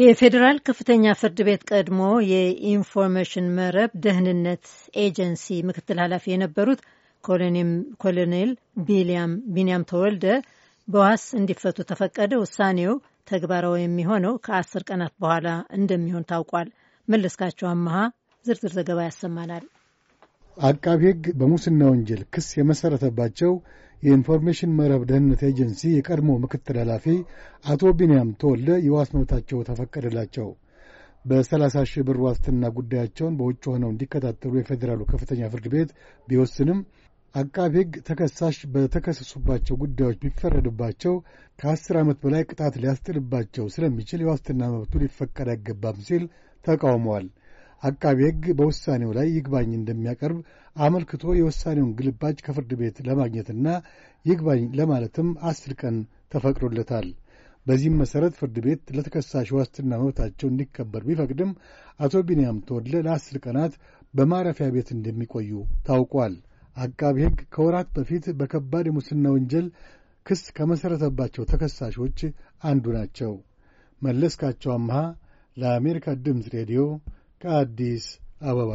የፌዴራል ከፍተኛ ፍርድ ቤት ቀድሞ የኢንፎርሜሽን መረብ ደህንነት ኤጀንሲ ምክትል ኃላፊ የነበሩት ኮሎኔል ቢንያም ተወልደ በዋስ እንዲፈቱ ተፈቀደ። ውሳኔው ተግባራዊ የሚሆነው ከአስር ቀናት በኋላ እንደሚሆን ታውቋል። መለስካቸው አመሃ ዝርዝር ዘገባ ያሰማናል። አቃቢ ሕግ በሙስና ወንጀል ክስ የመሠረተባቸው የኢንፎርሜሽን መረብ ደህንነት ኤጀንሲ የቀድሞ ምክትል ኃላፊ አቶ ቢንያም ተወልደ የዋስ መብታቸው ተፈቀደላቸው። በሰላሳ ሺህ ብር ዋስትና ጉዳያቸውን በውጭ ሆነው እንዲከታተሉ የፌዴራሉ ከፍተኛ ፍርድ ቤት ቢወስንም አቃቢ ሕግ ተከሳሽ በተከሰሱባቸው ጉዳዮች ቢፈረድባቸው ከአስር ዓመት በላይ ቅጣት ሊያስጥልባቸው ስለሚችል የዋስትና መብቱ ሊፈቀድ አይገባም ሲል ተቃውመዋል። አቃቤ ሕግ በውሳኔው ላይ ይግባኝ እንደሚያቀርብ አመልክቶ የውሳኔውን ግልባጭ ከፍርድ ቤት ለማግኘትና ይግባኝ ለማለትም አስር ቀን ተፈቅዶለታል። በዚህም መሠረት ፍርድ ቤት ለተከሳሽ ዋስትና መብታቸው እንዲከበር ቢፈቅድም አቶ ቢንያም ተወድለ ለአስር ቀናት በማረፊያ ቤት እንደሚቆዩ ታውቋል። አቃቢ ሕግ ከወራት በፊት በከባድ የሙስና ወንጀል ክስ ከመሠረተባቸው ተከሳሾች አንዱ ናቸው። መለስካቸው አምሃ ለአሜሪካ ድምፅ ሬዲዮ ከአዲስ አበባ